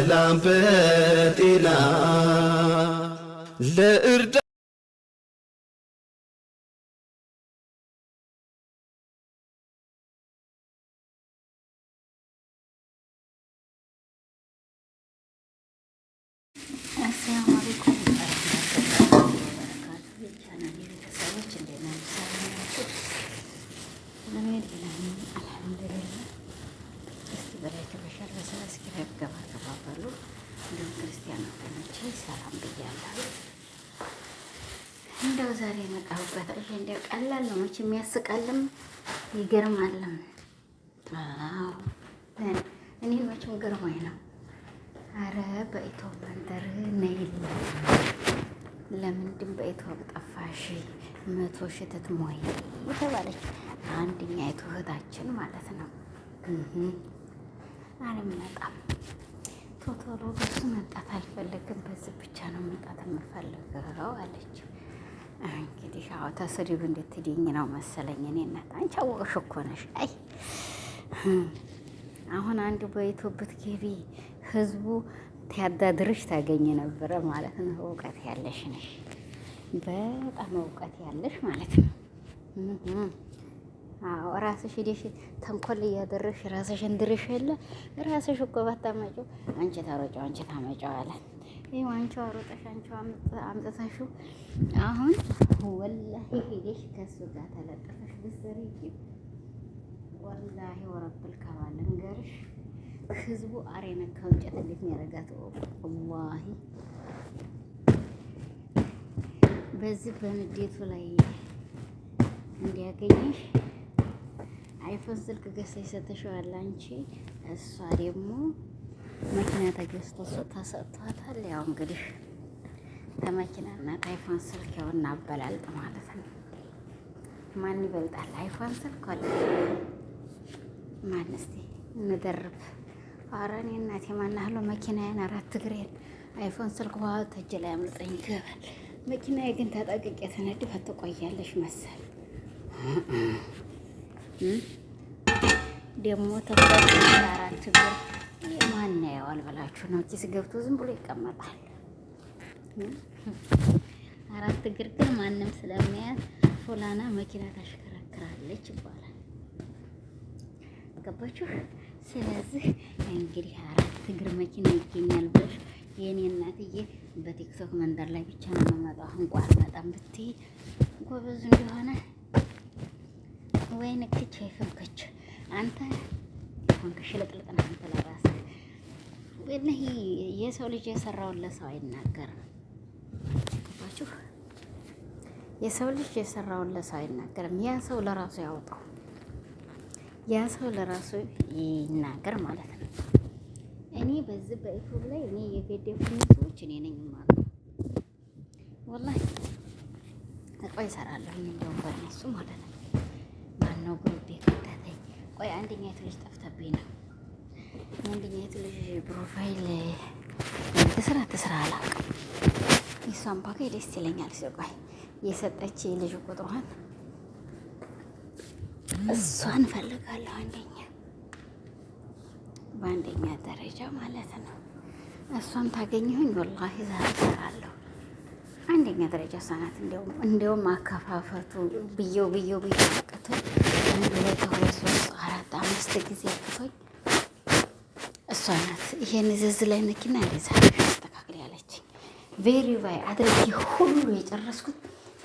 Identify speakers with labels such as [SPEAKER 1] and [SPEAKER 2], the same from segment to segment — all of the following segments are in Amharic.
[SPEAKER 1] በሰላም በጤና ለእርዳ
[SPEAKER 2] እንደው ዛሬ መጣሁበት። እሺ እንደው ቀላል ነው መቼ የሚያስቃልም ይገርማልም። አዎ እኔ መቼም ገርሞኝ ነው። አረ በኢትዮጵያ ንደር ነይል ለምንድን በኢትዮጵያ ጠፋሽ? መቶ ሽተት ሞይ የተባለች አንድኛ እህታችን ማለት ነው። አልመጣም ቶቶሎ በሱ መምጣት አልፈልግም፣ በዚህ ብቻ ነው መምጣት የምፈልገው አለች። እንግዲህ ያው ተስሪብ እንድትድኝ ነው መሰለኝ። እኔ እናት አንቺ አወቅሽ እኮ ነሽ። አይ አሁን አንድ በይቶበት ገቢ ህዝቡ ታያዳድርሽ ታገኝ ነበረ ማለት ነው። እውቀት ያለሽ ነሽ፣ በጣም እውቀት ያለሽ ማለት ነው። አዎ ራስሽ ሂደሽ ተንኮል እያደረግሽ ራስሽ እንድርሽ የለ ራስሽ እኮ ባታመጪው አንቺ ታሮጫው አንቺ ታመጫው አለ ይኸው አንቺው አሮጠሽ አንቺው አምጥተሽው አሁን ወላሂ ሄደሽ ከእሱ ጋር ተለጥፈሽ ብትሰሪ ወላሂ ወረብል ከባለ ንገርሽ ህዝቡ አሬነ ከእንጨት እንዴት ነው ወላሂ በዚህ በንዴቱ ላይ እንዲያገኝሽ አይፎን ስልክ ገዝተሽ ሰተሽዋል አንቺ እሷ ደግሞ መኪና ተገዝቶ ተሰጥቷታል። ያው እንግዲህ ተመኪናና ከአይፎን ስልክ ያውና እናበላልጥ ማለት ነው። ማን ይበልጣል? አይፎን ስልክ ወለ ማን? እስኪ እንደርብ ኧረ እኔ እናቴ ማናህሎ መኪናዬን አራት እግሬን አይፎን ስልክ ውሃ ተጅ ላይ አምልጠኝ ይገባል። መኪናዬ ግን ታጠቅቄ ተነድፈት ትቆያለሽ መሰል ደግሞ ተኮ አራት እግር ማን ያየዋል ብላችሁ ነው? ኪስ ገብቶ ዝም ብሎ ይቀመጣል። አራት እግር ግን ማንም ስለሚያያት ፎላና መኪና ታሽከረክራለች ይባላል። ገባችሁ? ስለዚህ እንግዲህ አራት እግር መኪና ይገኛል ብለሽ የእኔ እናትዬ በቲክቶክ መንደር ላይ ብቻ ነው የምመጣው። እንኳ አልመጣም ብትይ ጎበዝ እንደሆነ ወይ ንክች ወይ አንተ ሆንክ ሽለጥልጥና አንተ እነህ የሰው ልጅ የሰራውን ለሰው አይናገርም። የሰው ልጅ የሰራውን ለሰው አይናገርም። ያ ሰው ለራሱ ያወጣው ያ ሰው ለራሱ ይናገር ማለት ነው። እኔ በዚህ በኢትዮብ ላይ እኔ የገደፉኝ ሰዎች እኔ ነኝ ማለት ነው። ወላሂ ቆይ እሰራለሁ እንደውም በእነሱ ማለት ነው። ማነው ግሩፕ ከተተኝ ቆይ አንደኛ ልጅ ጠፍተብኝ ነው የአንደኛይቱ ልጅ ፕሮፋይል ተስራ ተስራ አላውቅም። የእሷን ባገኝ ደስ ይለኛል። ሲቆይ የሰጠች ልጅ ቁጥሯን እሷን ፈልጋለሁ። አንደኛ በአንደኛ ደረጃ ማለት ነው። እሷን ታገኘሁኝ ወላሂ ዛሬ እሰራለሁ። አንደኛ ደረጃ እሷ ናት። እንዲያውም አከፋፈቱ ብየው ብየው ብየው አቅቶኝ አንድ ሁለት ሶስት አራት አምስት ጊዜ አቅቶኝ እሷ ናት ይሄን እዚህ ላይ መኪና እንደዚህ አስተካክል ያለችኝ ቬሪቫይ አድርጌ ሁሉ የጨረስኩት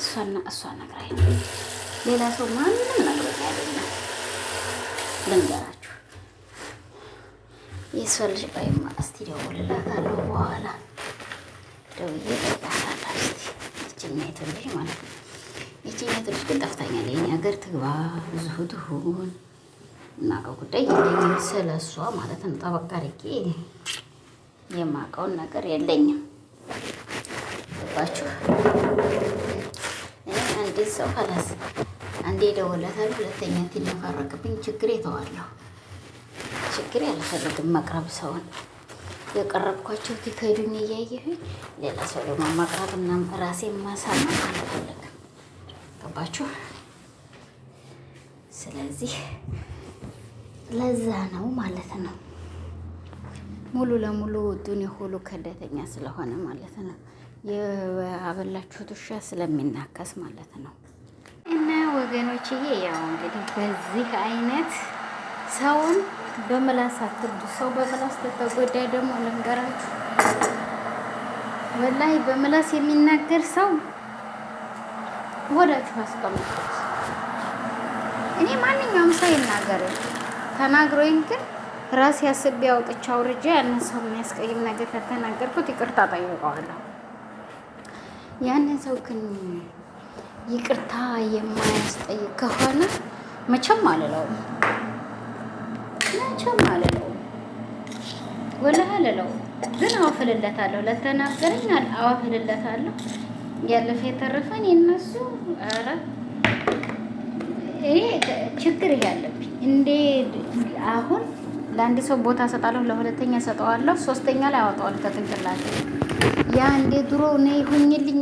[SPEAKER 2] እሷና እሷ ነግራኝ፣ ሌላ ሰው ማንም ነግሮኝ አይደለም። ልንገራችሁ እስቲ ደውልላታለሁ በኋላ ደውዬ ስቲ ማለት ነው። ግን ሀገር ትግባ ብዙ ትሁን የማውቀው ጉዳይ የለኝም፣ ስለ እሷ ማለት ነው። ጠበቅ አድርጌ የማውቀውን ነገር የለኝም። ገባችሁ? አንድ ሰው ከላስ አንዴ ደወለታል፣ ሁለተኛ እንትን ችግር የተዋለሁ ችግር ያልፈልግም መቅረብ ሰውን የቀረብኳቸው ቲከዱን እያየሁኝ ሌላ ሰው ደግሞ ማቅረብ እና ራሴ ማሳማ አልፈልግም። ገባችሁ? ስለዚህ ለዛ ነው ማለት ነው። ሙሉ ለሙሉ ዱኒ ሁሉ ከደተኛ ስለሆነ ማለት ነው። የአበላችሁት ውሻ ስለሚናከስ ማለት ነው። እና ይሄ ያው እንግዲህ በዚህ አይነት ሰውን በምላስ አትርዱ። ሰው በምላስ ተተጎዳ ደግሞ ልንገራችሁ፣ ወላይ በምላስ የሚናገር ሰው ሆዳችሁ አስቀምጡት። እኔ ማንኛውም ሰው ይናገር ተናግሮኝ ግን ራሴ አስቤ አውጥቼ አውርጄ ያንን ሰው የሚያስቀይም ነገር ከተናገርኩት ይቅርታ ጠይቀዋለሁ። ያንን ሰው ግን ይቅርታ የማያስጠይቅ ከሆነ መቼም አልለውም፣ መቼም አልለውም፣ ወላሂ አልለውም። ግን አወፍልለታለሁ፣ ለተናገረኝ አወፍልለታለሁ። ያለፈ የተረፈን የነሱ ኧረ ይሄ ችግር እያለብኝ እንዴ አሁን ለአንድ ሰው ቦታ ሰጣለሁ፣ ለሁለተኛ ሰጠዋለሁ፣ ሶስተኛ ላይ አወጣዋለሁ። ተትንቅላለ ያ እንዴ ድሮ እኔ ይሆኝልኝ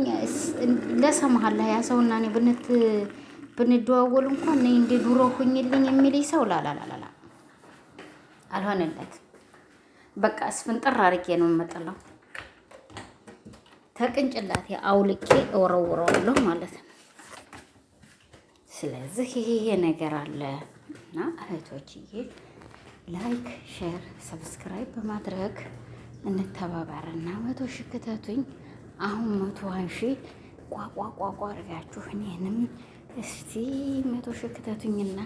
[SPEAKER 2] ለሰማሃላ ያ ሰውና እኔ ብንት ብንደዋወል እንኳን ነ እንዴ ድሮ ሁኝልኝ የሚልኝ ሰው ላላላላላ አልሆነለት። በቃ እስፍንጥር አርጌ ነው የምመጥለው። ተቅንጭላቴ አውልቄ እወረውረዋለሁ ማለት ነው። ስለዚህ ይሄ ነገር አለ እና እህቶችዬ ላይክ፣ ሼር፣ ሰብስክራይብ በማድረግ እንተባበር መቶ ሺህ ክተቱኝ። አሁን መቶ ሺ ቋቋቋቋ አድርጋችሁ እኔንም እስቲ መቶ ሺህ ክተቱኝና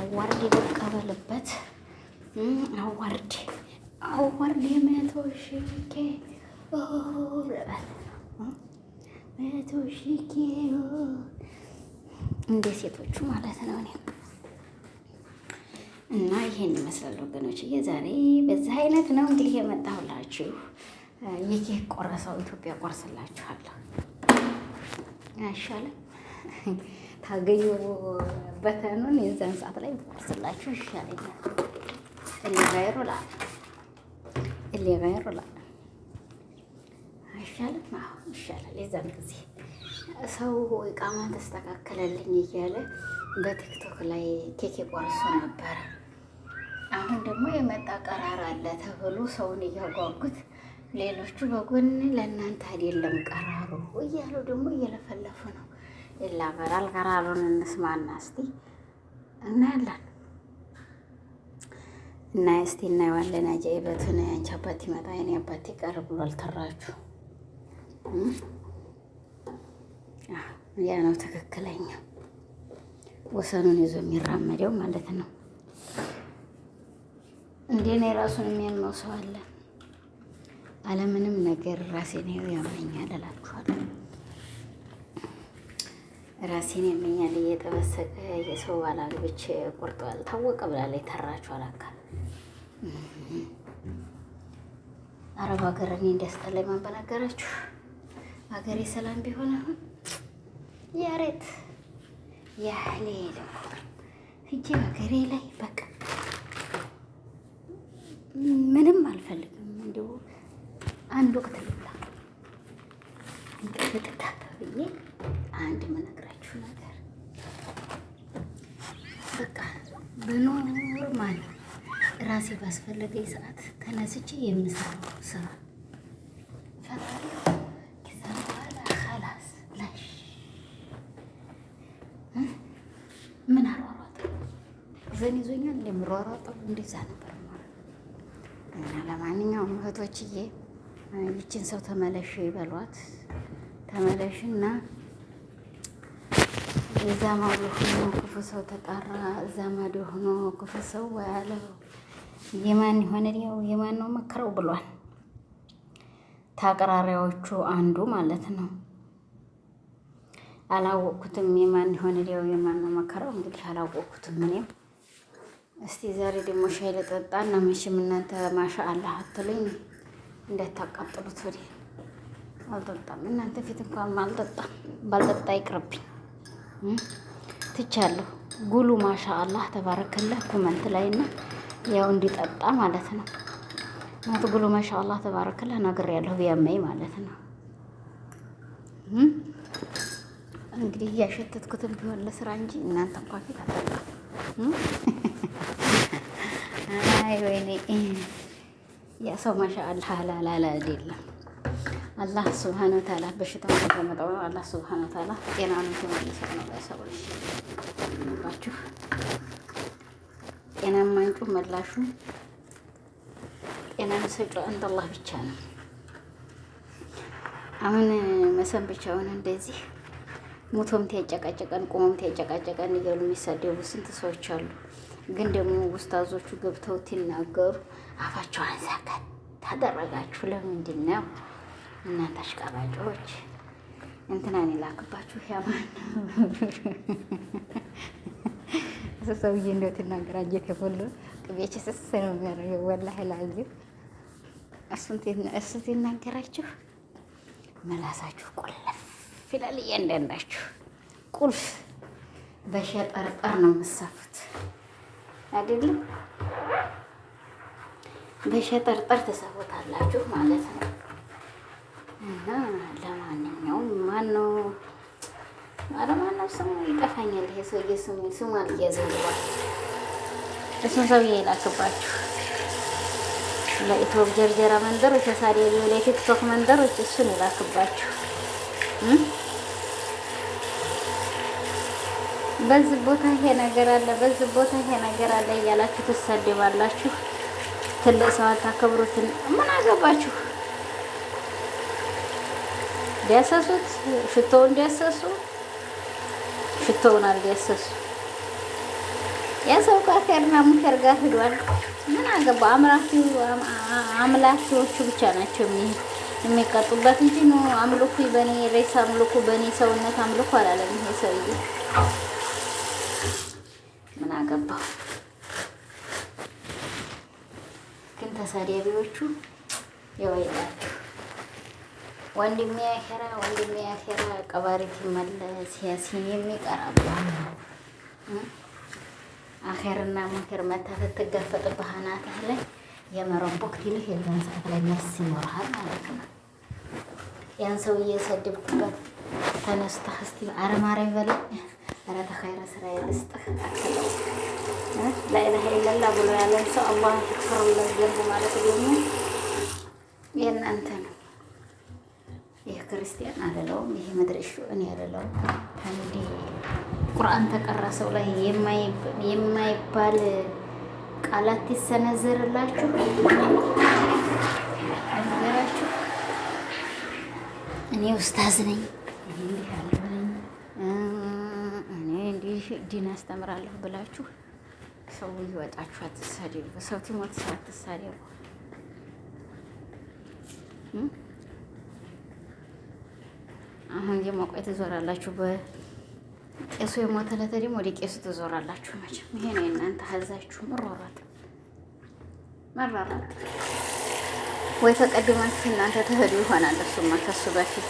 [SPEAKER 2] አዋርድ የቀበልበት አዋርድ አዋርድ የመቶ ሺህ ኬ መቶ ሺህ እንደ ሴቶቹ ማለት ነው። እኔ እና ይሄን ይመስላል ወገኖች፣ ዛሬ በዚህ አይነት ነው እንግዲህ የመጣሁላችሁ። የኬክ ቆረሰው ኢትዮጵያ ቆርስላችኋለሁ አይሻልም? ታገኙ በተኑን የዛን ሰዓት ላይ ቆርስላችሁ ይሻለኛል። እሌጋይሮላ እሌጋይሮላ አይሻልም? አዎ ይሻላል የዛን ጊዜ ሰው እቃማን ተስተካከለልኝ እያለ በቲክቶክ ላይ ኬክ ቆርሶ ነበረ። አሁን ደግሞ የመጣ ቀራር አለ ተብሎ ሰውን እያጓጉት፣ ሌሎቹ በጎን ለእናንተ አይደለም ቀራሩ እያሉ ደግሞ እየለፈለፉ ነው። ይላበራል። ቀራሩን እንስማና እስቲ እናያለን እና እስቲ እናየዋለን። አጃይበትን አንቺ አባት ይመጣ የኔ አባት ይቀር ብሎ አልተራችሁ ያ ነው ትክክለኛ ወሰኑን ይዞ የሚራመደው ማለት ነው። እንዴኔ ራሱን የሚያመው ሰው አለ። አለምንም ነገር ራሴን ያመኛል እላችኋለሁ። ራሴን ያመኛል እየተበሰቀ የሰው ባላግብች ቆርጠዋል ታወቀ ብላለች። ተራችሁ አላካ አረብ ሀገር እኔ እንዲያስጠላኝ ማን በነገራችሁ? ሀገሬ ሰላም ቢሆን አሁን የሬት ያህሌ እጄ ሀገሬ ላይ በቃ ምንም አልፈልግም። እንዲሁ አንድ ወቅት ልብላ ልጥታበ ብዬ አንድ መነግራችሁ ነገር በቃ በኖር ማለት ራሴ ባስፈለገኝ ሰዓት ተነስቼ የምሰራው ስራ ዘን ይዞኛል እንደ እንደምሯሯጠው እንደዛ ነበር እና ለማንኛውም እህቶችዬ ይችን ሰው ተመለሽ ይበሏት። ተመለሽና እዛ ማዶ ሆኖ ክፉ ሰው ተጣራ። እዛ ማዶ ሆኖ ክፉ ሰው ያለው የማን የሆነ ያው የማን ነው መከረው ብሏል። ታቅራሪዎቹ አንዱ ማለት ነው። አላወቅኩትም የማን የሆነ ያው የማን ነው መከረው እንግዲህ አላወቅኩትም እኔም እስቲ ዛሬ ደግሞ ሻይ ልጠጣ እና መቼም እናንተ ማሻ አላህ አትሉኝ፣ እንዳታቃጥሉት ወዲ አልጠጣም። እናንተ ፊት እንኳን አልጠጣም። ባልጠጣ ይቅርብኝ፣ ትቻለሁ። ጉሉ ማሻ አላህ ተባረከላህ ኮመንት ላይ እና ያው እንዲጠጣ ማለት ነው። እናት ጉሉ ማሻ አላህ ተባረከላህ ያለሁ ቢያመይ ማለት ነው። እንግዲህ እያሸተትኩትን ቢሆን ለስራ እንጂ እናንተ እንኳ። ፊት አልጠጣም። አይ ወይኔ የሰው ማሻአላ ሀላላላ አይደለም። አላህ ስብሓን ወተዓላ በሽታውን ከተመጠው ነው። አላህ ስብሓን ወተዓላ ጤናን ተመልሰ ነው ለሰው ልጅ ባችሁ ማንጩ መላሹ ጤናን ሰጩ አንድ አላህ ብቻ ነው። አሁን መሰን ብቻውን እንደዚህ ሙቶም ተያጨቃጨቀን ቁሞም ተያጨቃጨቀን እያሉ የሚሳደቡ ስንት ሰዎች አሉ። ግን ደግሞ ውስታዞቹ ገብተው ይናገሩ አፋቸው አንሳካት ታደረጋችሁ። ለምንድን ነው እናንተ አሽቃባጮች? እንትናን የላክባችሁ ያማን ሰውዬ እንደው ትናገራ የፈሉ ቅቤች ስስ ነው የሚያደርገው። ወላሂ ላዚም እሱ ትናገራችሁ መላሳችሁ ቁልፍ ይላል። እያንዳንዳችሁ ቁልፍ በሸጠርጠር ነው የምትሰፉት። አይደለም በሸጠርጠር ተሰቦታላችሁ ማለት ነው። እና ለማንኛውም ማነው ኧረ ማነው ስሙ ይጠፋኛል። ይሄ ሰውዬ ስሙ ስሙ አልያዘልባል እሱም ሰውዬ ይላክባችሁ ለኢትዮፕ ጀርጀራ መንደሮች፣ ለሳዲያ ለቲክቶክ መንደሮች እሱን ይላክባችሁ። በዚህ ቦታ ይሄ ነገር አለ፣ በዚህ ቦታ ይሄ ነገር አለ እያላችሁ ትሳደባላችሁ። ትልቅ ሰው አታከብሩትን። ምን አገባችሁ? እንዲያሰሱት ሽቶውን እንዲያሰሱ ሽቶውን አልዲያሰሱ የሰው ካከርና ሙከር ጋር ሄዷል። ምን አገባ? አምላኪዎቹ ብቻ ናቸው የሚቀጡበት እንጂ አምልኩ፣ በኔ ሬሳ አምልኩ፣ በኔ ሰውነት አምልኩ አላለም ይሄ ሰውዬ። ምን አገባው ግን ተሳዳቢዎቹ የወይላችሁ ወንድሜ ያሄራ ወንድሜ ያሄራ ቀባሪት መለስ ያሲን የሚቀር አባ አኼርና ሙንከር መታ ስትጋፈጥ ባህናትህ ላይ የመረቦክ ትልህ የዛን ሰዓት ላይ መስ ይኖርሃል ማለት ነው። ያን ሰውዬ ሰድብኩበት ተነስታ እስቲ አረማሪ በለኝ ኧረ ተኸይረ ስራ ይስጥህ። ላኢላሀ ኢለላ ብሎ ያለን ሰው አላህ ይክፈርላ ዘንብ ማለት ደግሞ የእናንተ ነው። ይህ ክርስቲያን አልለውም፣ ይህ ምድር እሹእን ያልለውም። እንዲህ ቁርአን ተቀራ ሰው ላይ የማይባል ቃላት ይሰነዘርላችሁ ነገራችሁ። እኔ ውስታዝ ነኝ ዲን አስተምራለሁ ብላችሁ ሰው ይወጣችሁ አትሳደቡ። ሰው ትሞት ሰው አትሳደቡ። አሁን ደግሞ ቆይ ትዞራላችሁ፣ በቄሱ የሞተ ዕለት ደግሞ ወደ ቄሱ ትዞራላችሁ። መቼም ይሄ ነው የእናንተ ሀዛችሁ። መሯሯጥ መሯሯጥ ወይ ተቀድማችሁ እናንተ ተሄዱ ይሆናል። እሱማ ከሱ በፊት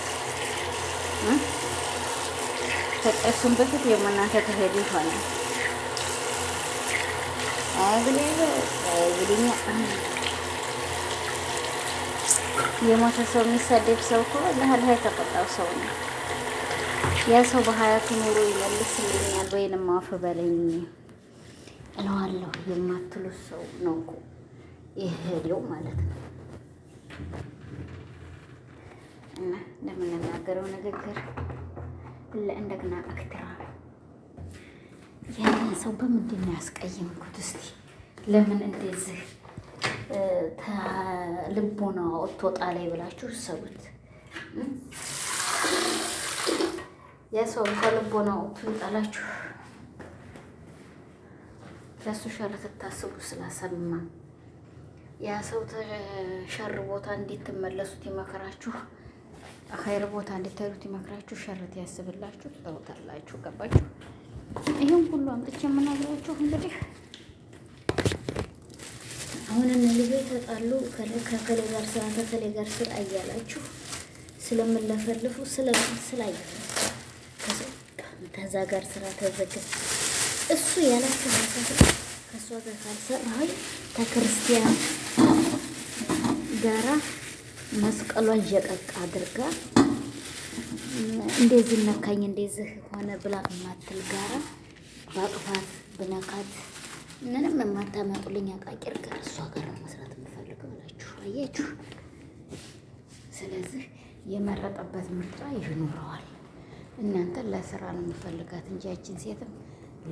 [SPEAKER 2] ከጨሱን በፊት የሙናተ ተሄዱ ይሆናል። የሞተ ሰው የሚሳደብ ሰው እኮ ለህልህ የተቆጣው ሰው ነው። ያ ሰው በሀያቱ ኑሮ ይመልስልኛል ወይንም አፍ በለኝ እለዋለሁ የማትሉት ሰው ነው እኮ የሄደው ማለት ነው። እና ለምንናገረው ንግግር እንደገና አክትራ ያንን ሰው በምንድን ነው ያስቀየምኩት? እስቲ ለምን እንደዚህ ልቦና ወጥቶ ጣላይ ብላችሁ ሰቡት። የሰው ከልቦና ወጥቶ ይጣላችሁ። ለሱ ሸር ትታስቡ ስላሰማ ያ ሰው ተሸርቦታ እንዴት ትመለሱት ይመከራችሁ። ኸይር ቦታ እንድትሄዱት ይመክራችሁ፣ ሸርት ያስብላችሁ፣ ትጠሩታላችሁ። ገባችሁ? ይህም ሁሉ አምጥቼ የምናግራችሁ እንግዲህ አሁን እነ ልጆች ተጣሉ ከከሌ ጋር ስራ ከከሌ ጋር ስራ እያላችሁ ስለምለፈልፉ ስላየ ከዛ ጋር ስራ ተዘገ እሱ ያላችሁ ከእሷ ጋር ካልሰራ ተከርስቲያን ጋራ መስቀሏን ዠቀቅ አድርጋ እንደዚህ ነካኝ እንደዚህ ሆነ ብላ የማትል ጋራ በቅፋት ብነካት ምንም የማታመጡልኝ አቃቂር ጋር እሷ ጋር መስራት የምፈልገው ብላችሁ አያችሁ። ስለዚህ የመረጠበት ምርጫ ይኖረዋል። እናንተ ለስራ ነው የምፈልጋት እንጂ ያችን ሴትም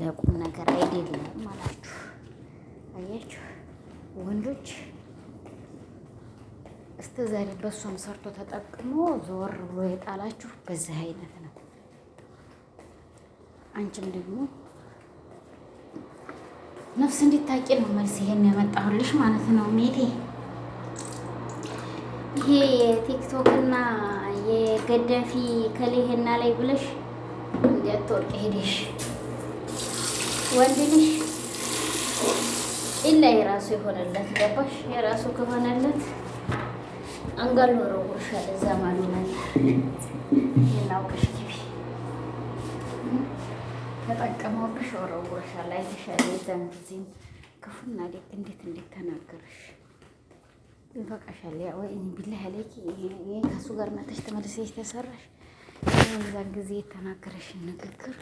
[SPEAKER 2] ለቁም ነገር አይደለም አላችሁ። አያችሁ ወንዶች እስከ ዛሬ በእሷም ሰርቶ ተጠቅሞ ዞር ብሎ የጣላችሁ በዚህ አይነት ነው። አንቺም ደግሞ ነፍስ እንድታቂ ነው መልስ ይሄን ያመጣሁልሽ ማለት ነው። ሜቴ ይሄ የቲክቶክ የገዳፊ ከሌሄና ላይ ብለሽ እንዲያትወርቅ ሄደሽ ወንድልሽ ኢላ የራሱ የሆነለት ገባሽ የራሱ ከሆነለት አንጋል ኖረው ጉርሻለ ዘማኑ ላይ የናውቅሽ ግቢ ተጠቀመውብሽ ወረው ጉርሻለ አይተሻለ። የዛን ጊዜም ክፉና ደግ እንዴት እንዴት ተናገርሽ። ይበቃሻል። ያው እኔ ቢላህ ያለኪ ይሄ ጋር መተሽ ተመልሰሽ ተሰራሽ። የዛን ጊዜ የተናገረሽ ንግግር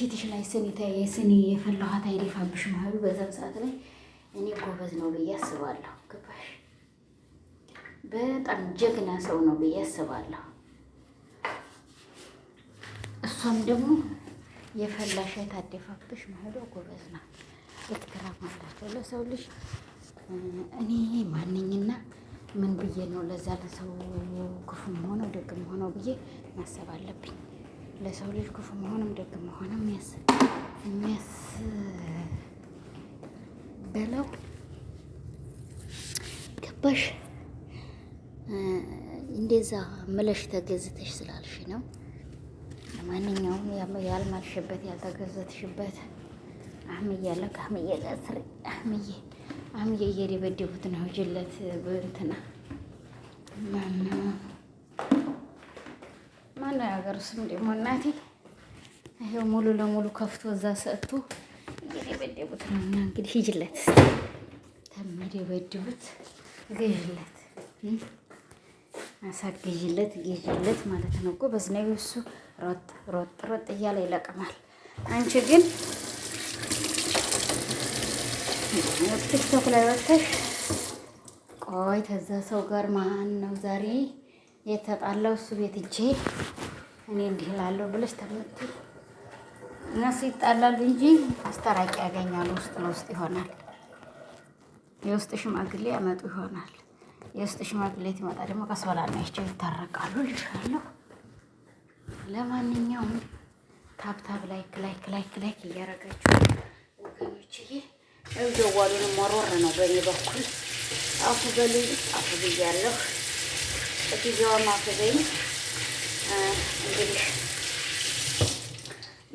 [SPEAKER 2] ፊትሽ ላይ ስኒ የስኒ የፈላኋት አይደፋብሽ ማሉ በዛን ሰዓት ላይ እኔ ጎበዝ ነው ብዬ አስባለሁ። ገባሽ? በጣም ጀግና ሰው ነው ብዬ አስባለሁ። እሷም ደግሞ የፈላሽ የታደፋብሽ መሄዷ ጎበዝ ናት። እትክራም አላቸው ለሰው ልጅ እኔ ማንኝና ምን ብዬ ነው ለዛ ለሰው ክፉም ሆነው ደግም ሆነው ብዬ ማሰብ አለብኝ። ለሰው ልጅ ክፉ ሆነም ደግም ሆነ በለው ገባሽ? እንደዛ ምለሽ ተገዝተሽ ስላልሽ ነው። ለማንኛውም ያልማልሽበት ያልተገዘትሽበት አህምዬ አለ ከአህምዬ ጋር ስሪ። አህምዬ አህምዬ እየደበደቡት ነው ጅለት ብንትና ማነው ሀገር ስም ደግሞ እናቴ ይሄው ሙሉ ለሙሉ ከፍቶ እዛ ሰጥቶ እየደበደቡት ነው። እና እንግዲህ ሂጅለት ተሚደበደቡት ገዥለት አሳግዥለት ግዥለት ማለት ነው እኮ በዝናዩ እሱ ሮጥ ሮጥ ሮጥ እያለ ይለቅማል። አንቺ ግን ቲክቶክ ላይ ወጥተሽ ቆይ ተዛ ሰው ጋር ማን ነው ዛሬ የተጣላው እሱ ቤት እጄ እኔ እንዲህ እላለሁ ብለሽ ተመት እነሱ ይጣላሉ እንጂ አስታራቂ ያገኛሉ። ውስጥ ለውስጥ ይሆናል። የውስጥ ሽማግሌ ያመጡ ይሆናል። የውስጥ ሽማግሌ ትመጣ ደግሞ ከሰላ ናቸው ይታረቃሉ። ልሻለሁ ለማንኛውም ታብታብ ላይክ ላይክ ላይክ ላይክ እያረጋችሁ ወገኖችዬ፣ ያው ጀዋሉንም ወሮር ነው በእኔ በኩል አፉ በሉኝ አፉ ብያለሁ። በጊዜዋም አፉ እንግዲህ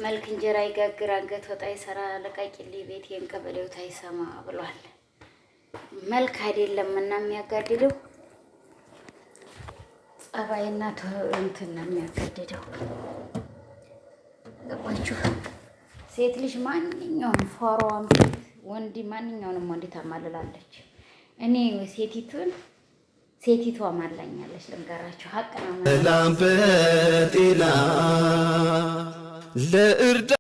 [SPEAKER 2] መልክ እንጀራ ይጋግር አንገት ወጣ ይሰራ ለቃቂሌ ቤት የእንቀበሌው ታይሰማ ብሏል። መልክ አይደለም እና የሚያጋድደው ጸባይና እንትን ነው የሚያጋድደው። ገባችሁ? ሴት ልጅ ማንኛውም ፎሮዋም ሴት ወንድ ማንኛውንም ወንድ ታማልላለች። እኔ ሴቲቱን ሴቲቷ ማላኛለች። ልንገራችሁ ሀቅ ነው
[SPEAKER 1] ለእርዳ